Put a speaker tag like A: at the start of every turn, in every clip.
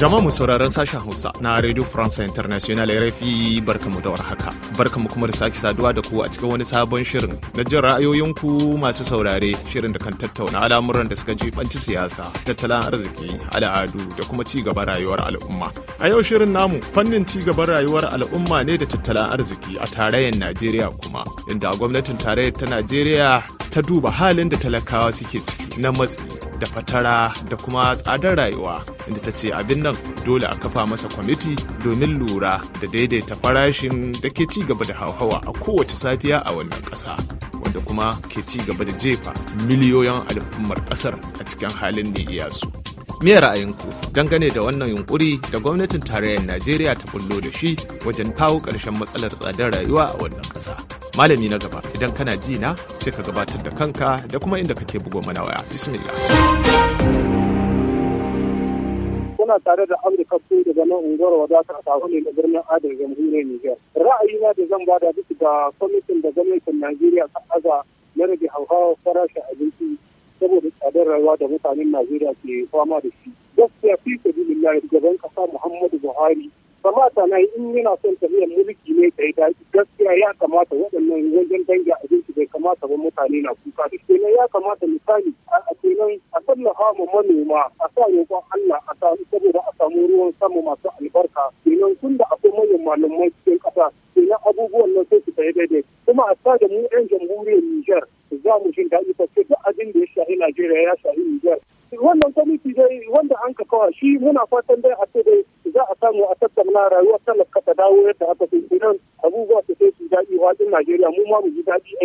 A: Jama'a sauraron sashen Hausa na Radio France International RFI barkamu da warhaka. Barkamu kuma da sake saduwa da ku a cikin wani sabon shirin na jin ra'ayoyinku masu saurare shirin da kan tattauna al'amuran da suka jibanci siyasa, tattalin arziki, al'adu da kuma ci gaban rayuwar al'umma. A yau shirin namu fannin ci gaban rayuwar al'umma ne da tattalin arziki a tarayyar Najeriya kuma inda gwamnatin tarayyar ta Najeriya ta duba halin da talakawa suke ciki na matsi da fatara da kuma tsadar rayuwa inda ta ce abin nan dole a kafa masa kwamiti domin lura da daidaita farashin da ke ci gaba da hauhawa a kowace safiya a wannan ƙasa wanda kuma ke ci gaba da jefa miliyoyin al'ummar ƙasar a cikin halin da iyasu. Me ra'ayinku dangane da wannan yunkuri da gwamnatin tarayyar Najeriya ta bullo da shi wajen kawo ƙarshen matsalar tsadar rayuwa a wannan ƙasa? malami na gaba idan kana ji na sai ka gabatar da kanka da kuma inda kake bugo mana waya bismillah
B: kuna tare da amurka ko daga nan unguwar wadata a sabo ne na birnin adar jamhuriyar niger na da zan bada duk ga kwamitin da gwamnatin najeriya ta aza na rage hauhawar farashin abinci saboda tsadar rayuwa da mutanen najeriya ke fama da shi gaskiya fi sabilillahi gaban kasa muhammadu buhari kamata na in yana son tafiyar mulki ne da ya gaskiya ya kamata waɗannan wajen dangi a abinci bai kamata ba mutane na kuka da kenan ya kamata misali a kenan a tallafa ma manoma a sa roƙon Allah a sa saboda a samu ruwan sama masu albarka kenan tun da akwai manyan malamai cikin ƙasa kenan abubuwan nan sai su tafi daidai kuma a sa da mu 'yan jamhuriyar Nijar za mu jin daɗi ba sai duk abin da ya shahi Najeriya ya shahi Nijar wannan kwamiti dai wanda an ka kawa shi muna fatan dai a ce dai za a samu a tattauna rayuwar talaka ta dawo yadda aka fi idan abubuwa su sai su daɗi wajen Najeriya mu ma mu ji daɗi a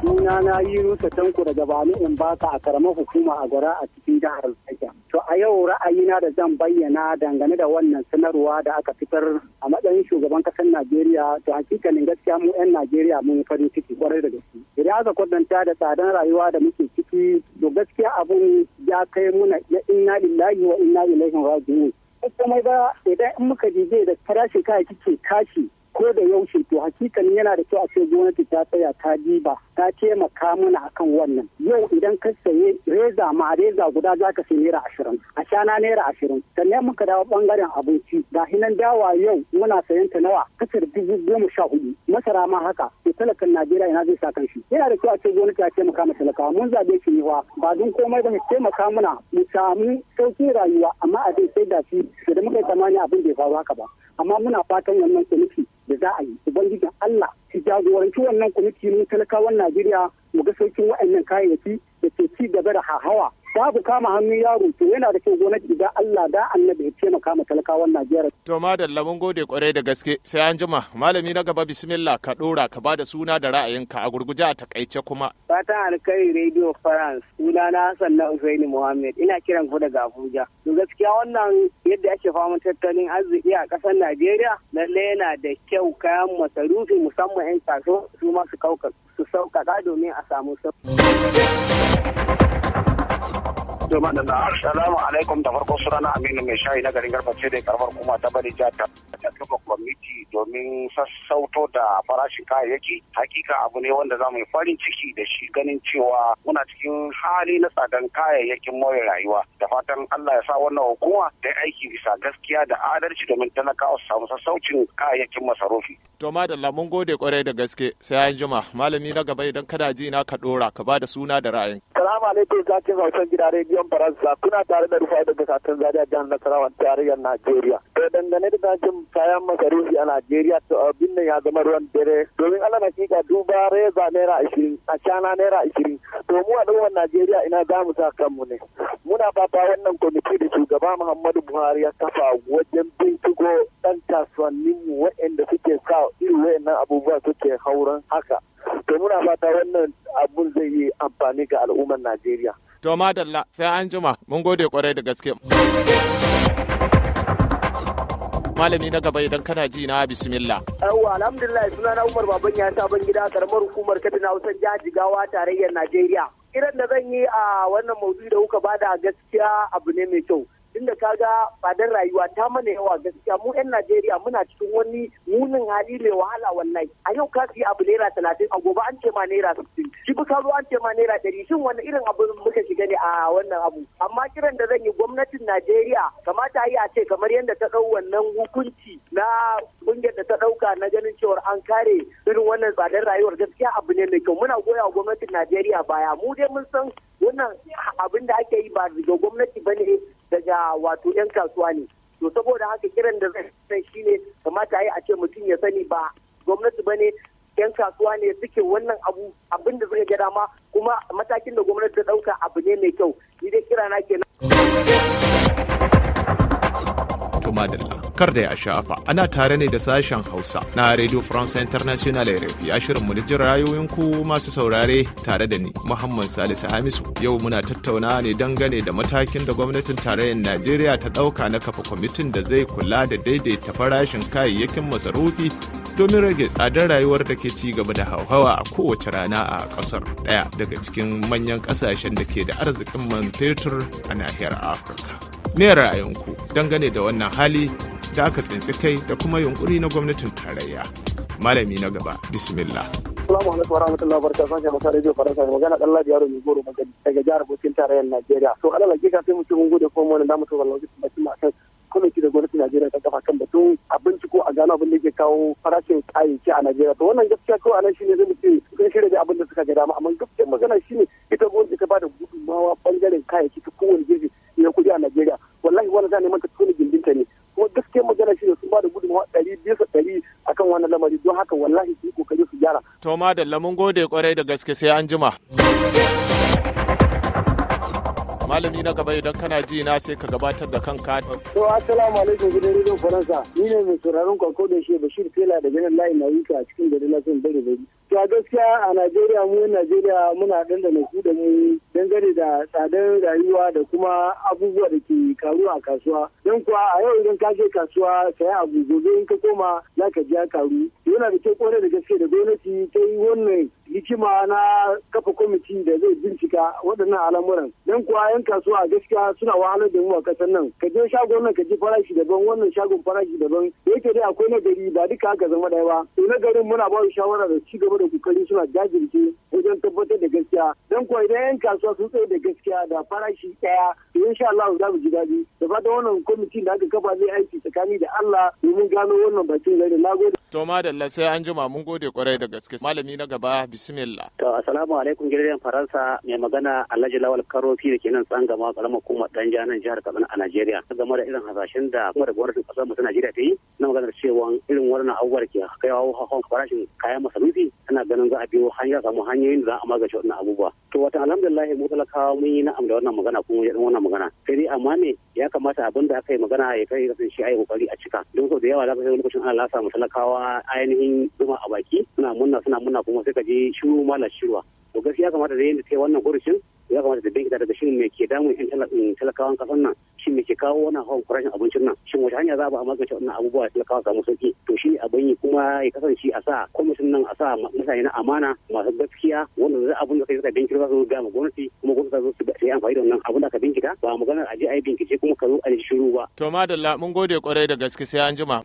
B: Suna na yi rusa tanku daga bani in ba ka a karamar hukuma a gwara a cikin jihar Niger. To a yau ra'ayina da zan bayyana dangane da wannan sanarwa da aka fitar a matsayin shugaban kasar Najeriya to hakikanin gaskiya mu 'yan Najeriya mun farin ciki kwarai da gaske. Idan aka kwatanta da tsadar rayuwa da muke ciki to gaskiya abun ya kai muna ya inna lillahi wa inna ilaihi raji'un kuma ba idan muka dide da farashin kayayyaki ke kashi ko da yaushe to hakikan yana da kyau a ce gwamnati ta tsaya ta diba ta taimaka mana akan wannan yau idan ka saye reza ma reza guda za ka sayi naira ashirin a shana naira ashirin sannan muka dawo bangaren abinci ga hinan dawa yau muna sayan ta nawa kasar dubu goma sha hudu masara ma haka to talakan najeriya yana zai sa kanshi yana da kyau a ce gwamnati ta taimaka ma talakawa mun zabe shi ne wa ba dun komai ba mu taimaka mana mu samu sauƙin rayuwa amma a dai sai da shi da muka yi tsammani abin bai faru haka ba amma muna fatan wannan kwamiti da za a yi ubangijin Allah shi jagoranci wannan kwamiti ne talakawan Najeriya mu ga saukin wa'annan kayayyaki da ke ci gaba da hahawa babu kama hannun yaro to yana da kyau gwamnati da Allah da annabi ya taimaka ma talakawan Najeriya. To madalla mun gode
A: kwarai da gaske sai an jima malami na gaba bismillah ka dora ka bada suna da ra'ayinka a gurguje a takaice kuma.
B: Fatan alkai Radio France suna na Hassan na Usaini Muhammad ina kiran ku daga Abuja. To gaskiya wannan yadda ake fama tattalin arziki a kasar Najeriya lalle yana da kyau kayan masarufi musamman 'yan kasuwa su ma su sauƙaƙa domin a samu sauƙi. Doma da alaikum da farko sunana Aminu mai shayi na garin garbace da karfar kuma ta bari jihar ta tuka kwamiti domin sassauto da farashin kayayyaki hakika abu ne wanda za mu yi farin ciki da shi ganin cewa muna cikin hali na tsadan kayayyakin more rayuwa da fatan Allah ya sa wannan hukuma yi aiki bisa gaskiya da adalci domin talakawa su samu sassaucin kayayyakin masarufi.
A: To madalla mun gode kwarai da gaske sai an jima malami na gaba idan kada ji na ka dora ka ba da suna da ra'ayin.
B: Salamu alaikum zakin hausan gida rediyon Faransa kuna tare da Rufai daga Satin Zaria jihar Nasarawa tarayyar Najeriya. To dangane da zakin kayan masarufi a Najeriya to abin nan ya zama ruwan dare domin Allah kika duba reza naira ashirin a cana naira ashirin to mu a ɗaukar Najeriya ina za mu sa kanmu ne. Muna fata wannan kwamiti da shugaba Muhammadu Buhari ya kafa wajen binciko ɗan mu waɗanda suke sa irin waɗannan abubuwa suke hauran haka. to muna fata wannan abun zai yi amfani ga al'ummar najeriya
A: to madalla sai an jima mun gode kwarai da gaske malami na gaba idan kana ji na bismillah.
B: Yawwa alhamdulillah suna na Umar Baban ya sabon gida karamar hukumar Katsina Hausa Jigawa tarayyar Najeriya. Irin da zan yi a wannan maudu da kuka bada gaskiya abu ne mai kyau. tunda kaga fadar rayuwa ta mana yawa gaskiya mu 'yan Najeriya muna cikin wani munin hali mai wahala wallahi a yau ka siya abu naira talatin a gobe an ce ma naira sittin shi ka zo an ce ma naira ɗari shin wani irin abu muka shiga ne a wannan abu amma kiran da zan yi gwamnatin Najeriya kamata yi a ce kamar yadda ta ɗau wannan hukunci na kungiyar da ta ɗauka na ganin cewar an kare irin wannan tsadar rayuwar gaskiya abu ne mai kyau muna goya wa gwamnatin Najeriya baya mu dai mun san wannan abin da ake yi ba daga gwamnati ne daga wato 'yan kasuwa ne to saboda haka kiran da zai san shi ne, kamata yi a ce mutum ya sani ba gwamnati ba ne 'yan kasuwa ne suke wannan abu abin da suka gada ma, kuma matakin da gwamnati ta dauka abu ne mai kyau ni dai kira na kenan
A: madalla kar da ya shafa ana tare ne da sashen hausa na radio france international rfi a shirin mu jin rayoyinku masu saurare tare da ni muhammad salisu hamisu yau muna tattauna ne dangane da matakin da gwamnatin tarayyar najeriya ta ɗauka na kafa kwamitin da zai kula da daidaita farashin kayayyakin masarufi domin rage tsadar rayuwar da ke ci gaba da hauhawa a kowace rana a ƙasar ɗaya daga cikin manyan ƙasashen da ke da arzikin man fetur a nahiyar afirka ne ra'ayinku dangane da wannan hali da aka tsinci kai da kuma yunkuri na gwamnatin tarayya malami na gaba bismillah
B: Assalamu alaikum warahmatullahi wabarakatuh sashen Hausa Radio Faransa da magana Allah ya mai goro magani daga jihar Bauchi tarayyar Najeriya to alal hakika sai mutum mun gode ko mu da mu to wallahi bakin ma kan ki da gwamnatin Najeriya ta kafa kan batun a binciko a gano abin da ke kawo farashin kayayyaki a Najeriya to wannan gaskiya ko anan shine zai ce sun shirye da abin da suka ga dama amma gaskiya magana shine ita gwamnati ta bada gudunmawa bangaren kayayyaki ta kowane gefe na kudi a Najeriya wallahi wannan za neman ta gindinta ne kuma gaskiyar magana shi sun ba da gudunmawa ɗari biyu sa ɗari akan wannan lamari don haka wallahi su yi kokari su
A: gyara. To madalla mun gode kwarai da gaske sai an jima. malami na gaba idan kana ji na sai ka gabatar da kanka.
B: To assalamu alaikum gidan rediyon Faransa. Ni ne mai sauraron kwako da shi Bashir Fela da ganin layi na yika a cikin garin Lafiyan Bari Bari. To a gaskiya a Najeriya mu Najeriya muna dandana ku da mu dangane da tsadar rayuwa da kuma abubuwa da ke karuwa a kasuwa. Don kuwa a yau idan ka je kasuwa saya abu gobe in ka koma za ka ji ya karu. Yana da kyau kwarai da gaske da gwamnati ta yi wannan hikima na kafa kwamiti da zai bincika waɗannan al'amuran don kuwa yan kasuwa gaskiya suna wahalar da mu a ƙasar nan ka je shagon nan ka ji farashi daban wannan shagon farashi daban da yake dai akwai na gari ba duka haka zama ɗaya ba to na garin muna ba su shawara da ci gaba da kokari suna jajirce wajen tabbatar da gaskiya don kuwa idan yan kasuwa sun tsaye da gaskiya da farashi ɗaya to insha Allah za mu ji daɗi da fatan wannan kwamitin da aka kafa zai aiki tsakani da Allah domin gano wannan bakin gari na gode.
A: to madalla sai an jima mun gode kwarai da gaske malami na gaba bismillah.
B: To assalamu alaikum gidan Faransa mai magana Alhaji Lawal Karofi da ke nan gama karamar hukumar dan janan jihar Kaduna a Najeriya. Game da irin hasashen da kuma da gwamnatin kasar mu ta Najeriya ta yi na maganar cewa irin wannan abubuwar ke kaiwa hawan farashin kayan masarufi ana ganin za a biyo hanya samu hanyoyin da za a magance wannan abubuwa. To wata alhamdulillah mu talakawa mun yi na'am da wannan magana kuma ya wannan magana. Sai dai amma ne ya kamata abin da aka yi magana ya kai kasance a yi kokari a cika don so da yawa za ka sai lokacin ana lasa mu talakawa ainihin zuma a baki suna munna suna munna kuma sai ka je shiru mala shiruwa to gaskiya kamata da yin ta yi wannan gurishin ya kamata da bincika daga shin me ke damun yan mm, talakawan kasan nan shin me ke kawo wani hawan kurashin abincin nan shin wata hanya za a magance wannan abubuwa da talakawa samu sauki to shi abin yi kuma ya kasance a sa kwamishin nan a sa mutane na amana masu gaskiya wanda zai abin da kai zaka bincika za ga ma gwamnati kuma gwamnati za su yi amfani da wannan abin da ka bincika ba maganar aje a yi ce kuma ka zo a shiru ba.
A: to madalla mun gode kwarai da gaske sai an jima.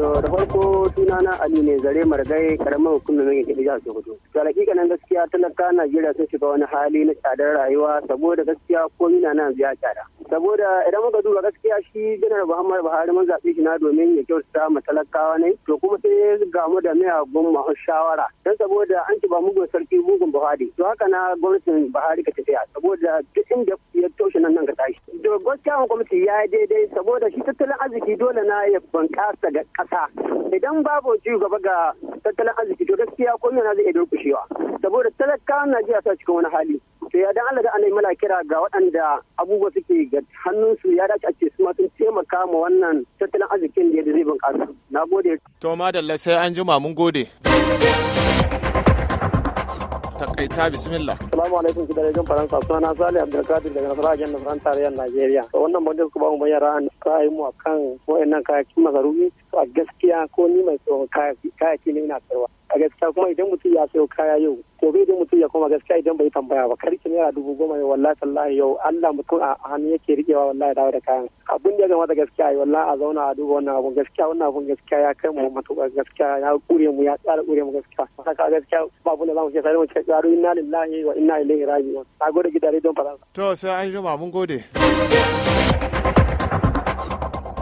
A: To da farko sunana
B: Ali ne zare margai karamar hukumar mai gidi jihar Sokoto. To hakika nan gaskiya talaka Najeriya sun shiga wani hali na tsadar rayuwa saboda gaskiya komai na nan ya tsada. saboda idan muka duba gaskiya shi janar muhammad buhari mun zaɓe shi na domin ya kyautata ma talakawa ne to kuma sai ga mu da miyagun mahun shawara don saboda an ci ba mugun sarki mugun buhari to haka na gwamnatin buhari ka tafiya saboda duk inda ya taushe nan nan ka tashi da gwamnatin gwamnati ya yi daidai saboda shi tattalin arziki dole na ya bunƙasa ga ƙasa idan babu ci gaba ga tattalin arziki to gaskiya komai na zai iya durƙushewa saboda talakawan najeriya ta cikin wani hali To ya dan Allah da anai muna kira ga waɗanda abubuwa suke ga hannun su ya dace a ce su ma sun taimaka ma wannan tattalin arzikin da ya zai bunƙasa. Na gode.
A: To madalla sai an jima mun gode. takaita bismillah. Salamu
B: alaikum gidan rediyon Faransa suna Sali Abdulkadir daga nasarar ajiyar Nasarar Tarayyar Najeriya. wannan bandar ku ba mu bayyana ra'ayin mu akan wayannan kayakin masarufi to a gaskiya ko ni mai tsoron kayaki ne ina sayarwa a gaskiya kuma idan mutum ya sayo kaya yau bai idan mutum ya koma gaskiya idan bai tambaya ba karki naira dubu goma ne wallahi tallahi yau Allah mutum a hannu yake riƙewa wallahi dawo da kayan abun da ya zama da gaskiya yi wallahi a zauna a duba wannan abun gaskiya wannan abun gaskiya ya kai mu matuƙar gaskiya ya kure mu ya tsara kure mu gaskiya haka gaskiya babu da zamu ce sai mu ce tsaro inna lillahi wa inna ilaihi raji'un na gode gidare don faransa
A: to sai an jima mun gode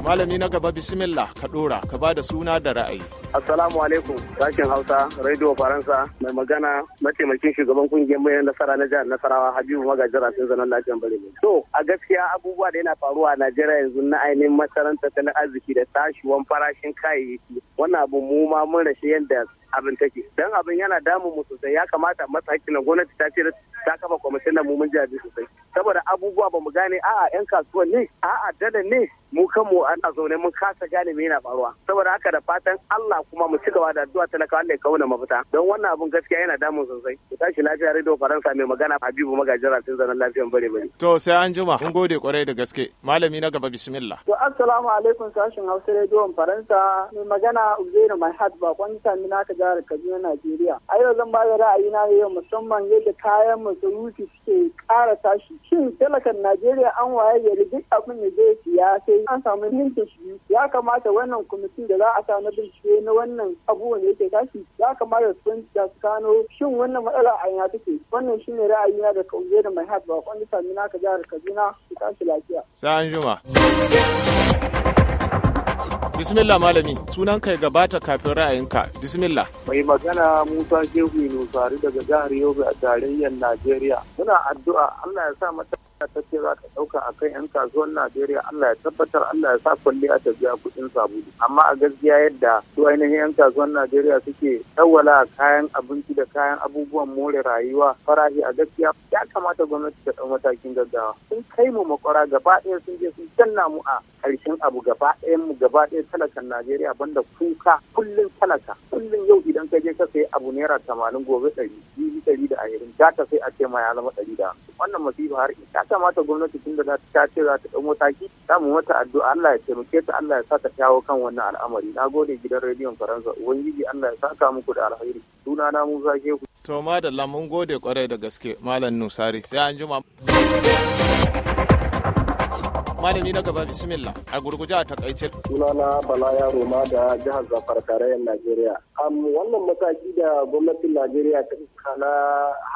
A: malami na gaba bismillah ka dora ka ba da suna da ra'ayi
B: assalamu alaikum sashen hausa radio faransa mai magana mataimakin shugaban kungiyar bayan nasara na jihar nasarawa habibu magajira sun zanen lafiyan bare to a gaskiya abubuwa da yana faruwa a najeriya yanzu na ainihin masaran tattalin arziki da tashiwan farashin kayayyaki wannan abu mu ma mun rashe yadda abin take dan abin yana damun mu sosai ya kamata matsa hakkin gwamnati ta ce ta kafa kwamitin da mu mun sosai saboda abubuwa ba mu gane a'a yan kasuwan ne a'a dada ne mu kan mu a zaune mun kasa gane me yana faruwa saboda haka da fatan Allah kuma mu ci gaba da addu'a talaka Allah ya kauna mafita don wannan abun gaskiya yana damun sosai ku tashi lafiya radio faransa mai magana Habibu Magajin sun zanen lafiyan bare bare
A: to sai an jima mun gode kwarai da gaske malami na gaba bismillah
B: to assalamu alaikum sashin Hausa rediyon faransa mai magana Uzaina Mai Hadba ba kwan ka jihar Kaduna Najeriya. A yau zan ba da ra'ayi na yau musamman yadda kayan masarufi suke ƙara tashi. Shin talakan Najeriya an waye gari duk abin da zai siya sai an samu hinta shi. Ya kamata wannan kwamitin da za a sa na bincike na wannan abubuwan da yake tashi ya kamata su bincika su gano shin wannan matsala a ina take. Wannan shine na da kauye da mai hat ba kwani sami ka jihar Kaduna su tashi lafiya.
A: Sa'an juma. Bismillah malami sunan kai gabata kafin ra'ayinka. Bismillah.
B: Mai magana Musa Shehu Nusari daga jihar Yobe a tarayyar Najeriya. Muna addu'a Allah ya sa mata ta ce za ka ɗauka a kan 'yan kasuwan Najeriya Allah ya tabbatar Allah ya sa kwalli a tafiya kuɗin sabulu. Amma a gaskiya yadda su ainihin 'yan kasuwan Najeriya suke ɗawwala kayan abinci da kayan abubuwan more rayuwa farashi a gaskiya ya kamata gwamnati ta ɗau matakin gaggawa. Sun kai mu makwara gaba ɗaya sun je sun canna mu a ƙarshen abu gaba ɗaya mu gaba ɗaya talakan Najeriya banda kuka kullum talaka kullum yau idan ka je ka sayi abu naira tamanin gobe ɗari biyu ɗari da ashirin ta sai a ce ma ya zama ɗari da wannan masifa har ita kamata gwamnati tun da ta ce za ta ɗau mataki ta mu mata addu'a Allah ya taimake ta Allah ya sa ta shawo kan wannan al'amari na gode gidan rediyon faransa ubangiji Allah ya saka muku da alheri suna na Musa Shehu
A: to madalla mun gode kwarai da gaske malam Nusari sai an malami na gaba bismillah a gurguje a takaice
B: sunana bala ya roma da jihar zafar tarayyar najeriya am wannan mataki da gwamnatin najeriya ta fuska na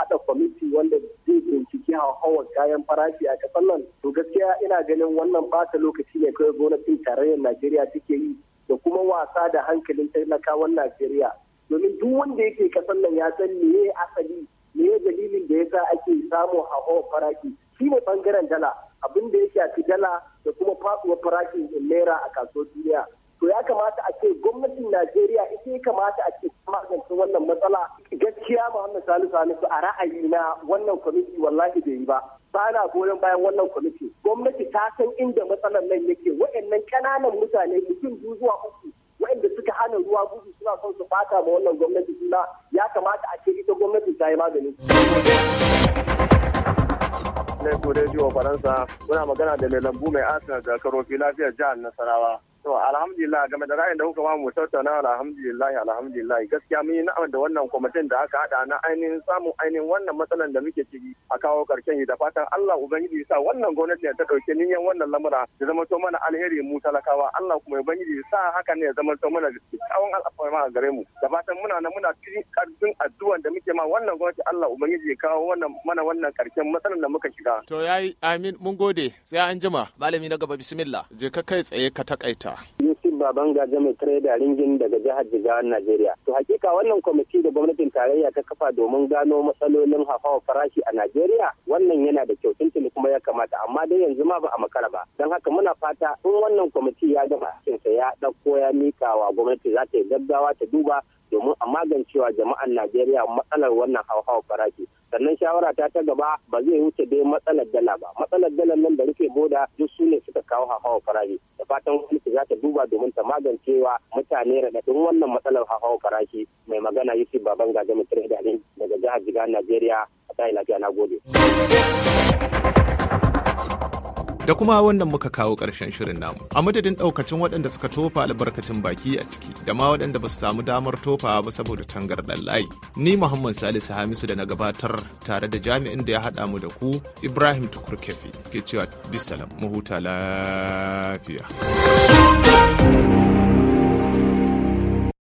B: hada kwamiti wanda zai binciki hauhawar kayan farashi a kasar nan to gaskiya ina ganin wannan bata lokaci ne kawai gwamnatin tarayyar najeriya take yi da kuma wasa da hankalin talakawan najeriya domin duk wanda yake kasar nan ya san meye asali meye dalilin da yasa ake samun hauhawar farashi shine bangaren dala abin da ya shafi dala da kuma faduwar farashin naira a kasuwar duniya to ya kamata a ce gwamnatin najeriya ita ya kamata a ce magance wannan matsala gaskiya muhammad salisu hamisu a ra'ayi na wannan kwamiti wallahi bai yi ba Ba na goyon bayan wannan kwamiti gwamnati ta san inda matsalar nan yake wa'annan kananan mutane mutum biyu zuwa uku wa'anda suka hana ruwa gudu suna son su bata ma wannan gwamnati suna ya kamata a ce ita gwamnati ta yi magani. na rediyo faransa muna magana da mai lambu mai asa da karofi lafiyar jihar nasarawa To alhamdulillah game da ra'ayin da kuka mu tattauna alhamdulillah alhamdulillah gaskiya mun yi na'am da wannan kwamitin da aka hada na ainihin samun ainihin wannan matsalan da muke ciki a kawo karshen shi da fatan Allah ubangiji sa wannan gwamnati ta dauke niyan wannan lamura ya zama to mana alheri mu talakawa Allah kuma ubangiji sa haka ne ya zama to mana tsawon al'amari a gare mu da fatan muna na muna cikin karfin addu'an da muke ma wannan gwamnati Allah ubangiji ya kawo wannan mana wannan karshen matsalan da muka shiga.
A: To yayi amin mun gode sai an jima malami na gaba bismillah je ka kai tsaye ka takaita
B: baban gaje mai tare da ringin daga jihar jigawar Najeriya. To hakika wannan kwamiti da gwamnatin tarayya ta kafa domin gano matsalolin hauhawar farashi a Najeriya wannan yana da kyau tuntuni kuma ya kamata amma dai yanzu ma ba a makara ba. Don haka muna fata in wannan kwamiti ya gama sa ya ɗauko ya mika wa gwamnati za ta yi gaggawa ta duba domin a magancewa jama'an Najeriya matsalar wannan hauhawar farashi. sannan shawara ta ta gaba ba zai wuce dai matsalar dala ba matsalar dalar nan da rufe boda duk su ne suka kawo hawa farashi da fatan gwamnati za ta duba domin ta magancewa mutane raɗaɗin wannan matsalar hawa farashi mai magana yusuf baban gaje mutum da daga jihar jigar najeriya a tayi lafiya na gode.
A: da kuma wannan muka kawo ƙarshen shirin namu a madadin ɗaukacin waɗanda suka tofa albarkacin baki a ciki da ma waɗanda ba su samu damar tofa ba saboda tangarɗar layi ni muhammad salisu hamisu da na gabatar tare da jami'in da ya haɗa mu da ku ibrahim tukurkefi ke cewa bisalam mu huta lafiya